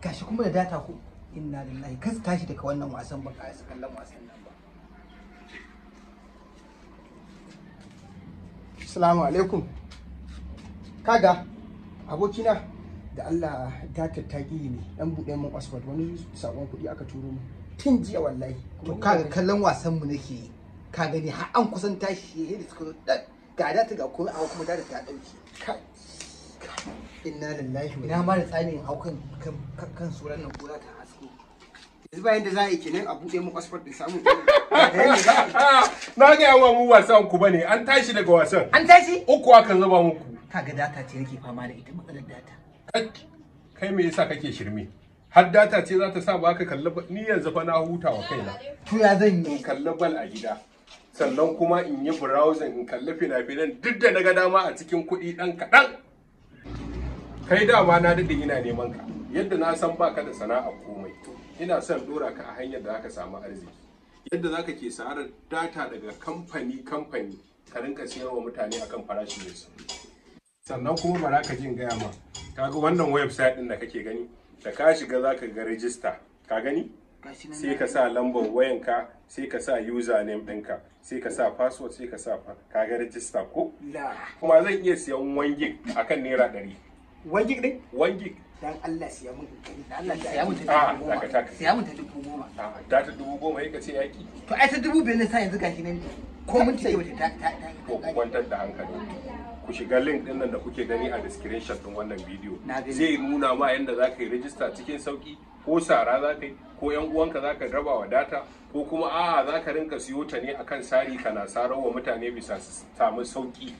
gashi kuma da data ku inna lillahi kas tashi daga wannan wasan ba ka kallon wasan nan ba Assalamu alaikum kaga abokina da Allah ta ƙi ne dan buɗe min password wani sabon kuɗi aka turo mu tun jiya wallahi to kaga kallon wasan mu nake Kaga ne, har an kusan tashi yadda eh, suka ga data ga kuma kuma data ta dauke inna lillahi Ina ma da tsarin haukan kan kan suran nan kura ta haske yanzu bayan da za a yi kenan a buɗe mu passport da samu na ga yawa mu wasan ku bane an tashi daga wasan an tashi uku akan zuba muku kaga data ce yake fama da ita matsalar data kai me yasa kake shirme har data ce za ta sa ba ka kalli ni yanzu fa na huta wa kaina to ya zan yi kalli bal a gida sannan kuma in yi browsing in kalli fina-finan duk da na ga dama a cikin kuɗi ɗan kaɗan kai dama na dade ina neman ka yadda na san baka da sana'a komai ina son dora ka a hanyar da zaka samu arziki yadda zaka ke sa'ar data daga kamfani kamfani ka rinka wa mutane akan farashi mai sauki sannan kuma za ka jin gaya ma kaga wannan website din da kake gani da ka shiga zaka ga register ka gani sai ka sa lambar wayanka sai ka sa username ɗinka sai ka sa password sai ka sa ka ga register ko kuma zan iya siyan wangin akan naira ɗari wangik din wangik dan Allah siya mun siya mun ah, ta dubu goma ta ah, da ta dubu goma yake ce yaki to ai ta dubu biyar ne sai yanzu gashi nan ko mun ce ta ta ta ko kwantar da hankali ku shiga link din nan da kuke gani a description din wannan bidiyo zai nuna ma yadda za ka yi rijista cikin sauki ko sara za ka yi ko yan uwanka za ka raba wa data ko kuma a'a za ka rinka siyo ta ne akan sari kana sarar wa mutane bisa su samu sauki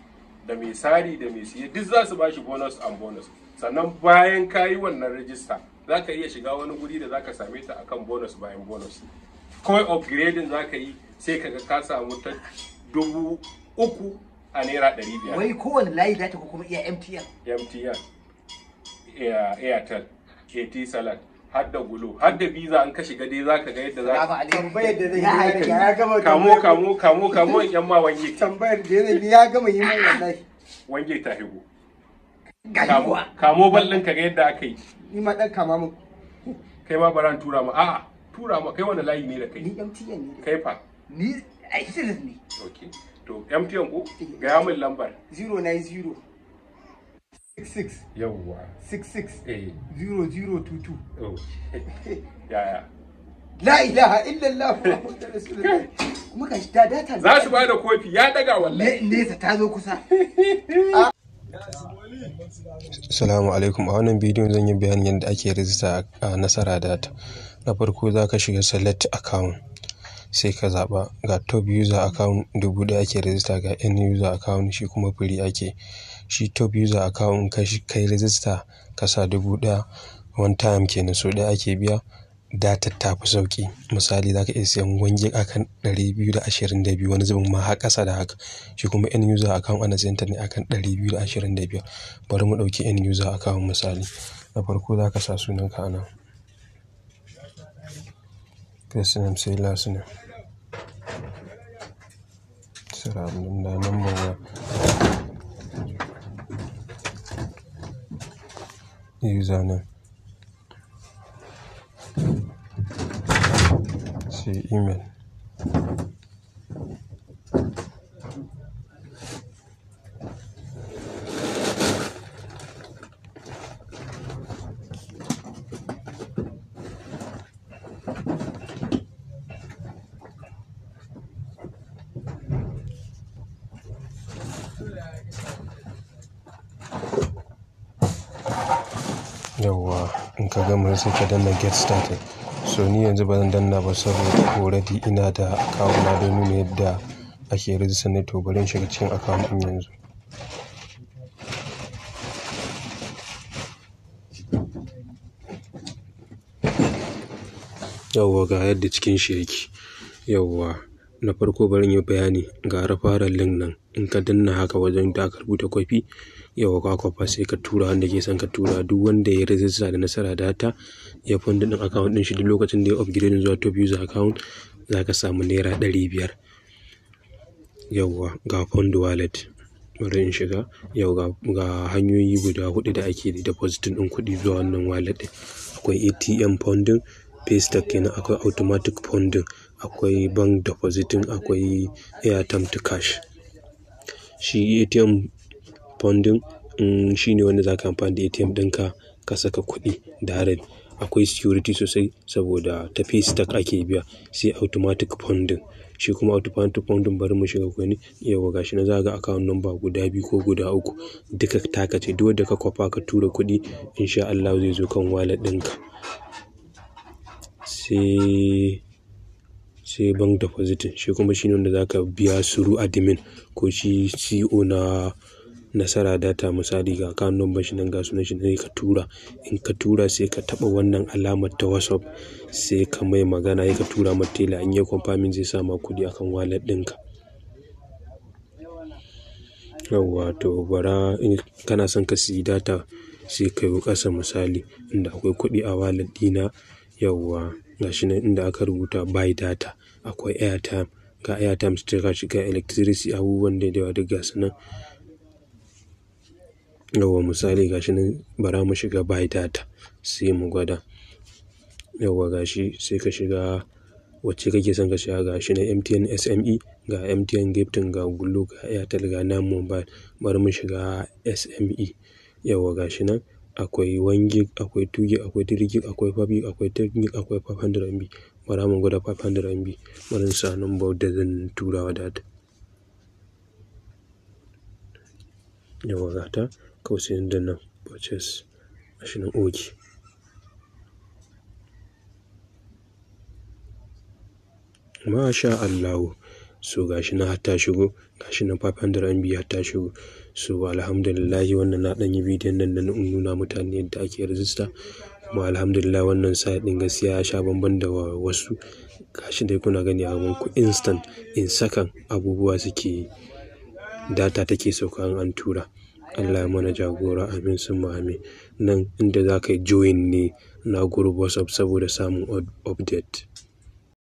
da mai sari da mai siye duk za su ba shi bonus and bonus sannan bayan ka yi wannan rajista za ka iya shiga wani guri da za ka same ta akan bonus bayan bonus kawai upgrading za ka yi sai ka ga ka samu ta dubu uku a naira ɗari biyar wai kowane layi za ta kuma iya mtn mtn airtel at salad har da gulo har da biza an ka shiga dai zaka ga yadda ka tambayar da zai yi ya gama kamo kamo kamo kamo yan ma wange tambayar da zai yi ya gama yi mai wallahi wange ta higo kamo kamo ballin ka ga yadda aka yi ni ma dan kama mu kai ma baran tura mu a'a tura mu kai wani layi ne da kai ni MTN ne kai fa ni ai ne okay to MTN ko eh. ga min lambar 090 66 yawwa 66 0022 eh. yaya la ilaha illallah muhammadu rasulullah kuma ga shi ta data za su bada kofi ya daga wallahi ne nesa ta zo kusa Assalamu alaikum a wannan bidiyon zan yi bayanin yadda ake rijista a nasara data na farko za ka shiga select account sai ka zaɓa ga top user account dubu ɗaya ake register ga end user account shi kuma free ake. Shi top user account ka kai register ka sa dubu ɗaya one time kenan sau ɗaya ake biya. Data ta fi sauƙi. Misali za ka iya siyan wange gig akan ɗari biyu da ashirin da biyu wani zubin ma har ƙasa da haka. Shi kuma end user account ana siyan ta ne akan ɗari biyu da ashirin da biyar. Bari mu ɗauki end user account misali. Na farko za ka sa sunan a nan. پێسم سی لاسنێ سرابم دانم بەوە یزانە سی ئیمێل yawwa in ka gama sai ka danna get started. So ni yanzu ba zan danna ba saboda already ina da account na don nuna yadda ake register ne to bari shiga cikin account in yanzu. yawwa ga yadda cikin shi yake. yawwa. Na farko bari in yi bayani ga referral link nan. In ka danna haka wajen da aka rubuta kofi yauwa ka kofa sai ka tura wanda ke son ka tura. Duk wanda ya yi register da Nasara Data ya fundin ɗin account ɗin shi duk lokacin da ya upgrade zuwa top user account za ka samu naira ɗari biyar. Yauwa ga Fund Wallet bari in shiga. Yau ga, hanyoyi guda hudu da ake depositing din kuɗi zuwa wannan wallet Akwai ATM Funding, Paystack kenan, akwai Automatic Funding. akwai bank depositing, akwai airtime to cash. Shi ATM funding, mm, shi ne wanda za ka amfani da ATM ɗinka ka saka kuɗi direct. Akwai security sosai saboda ta stock ake biya. Sai automatic funding. Shi kuma automatic funding bari mu shiga wani, yawa gashi na za ka ga account number guda biyu ko guda uku. Duka taka ce. Duk wadda ka kwafa ka tura kuɗi in sha Allahu zai zo kan wallet ɗinka. Sai sai bank deposit shi kuma shi ne wanda za ka biya suru admin ko shi CEO na Nasara Data misali ga kan number shi nan ga sunan shi ne ka tura in ka tura sai ka taba wannan alamar ta WhatsApp sai ka mai magana yaka ka tura ma tela in ya confirming zai sa ma kuɗi akan wallet ɗinka. Yawwa to bara in kana son ka siyi data sai ka yi kasa misali inda akwai kuɗi a wallet ɗina yawwa. ga nan inda aka rubuta buy data akwai airtime ga airtime su ga shiga electricity abubuwan da yawa duk ga su nan yawa misali ga nan bara mu shiga buy data sai mu gwada yawa ga sai ka shiga wacce kake son ka shiga e, ga shi MTN SME ga MTN Gifting ga Gullo ga Airtel ga Nam Mobile bari mu shiga SME yawa ga nan akwai one gig, akwai two gig, akwai three gig, akwai five gig, akwai ten gig, akwai 500 MB. Bara mu gwada 500 MB. Bari in sa da zan tura wa data. Yauwa ta kawai sai in danna purchase shi nan OK. Masha So gashi na har shigo, gashi na 500 MB har ta shigo. So alhamdulillah wannan na ɗan yi bidiyon nan da nuna mutane yadda ake rajista. Kuma alhamdulillah wannan site din gaskiya ya sha bamban da wasu. Gashi dai kuna gani a ku instant in sakan abubuwa suke Data take sauka an an tura. Allah ya mana jagora amin summa amin. Nan inda za ka yi join ne na group WhatsApp saboda samun update.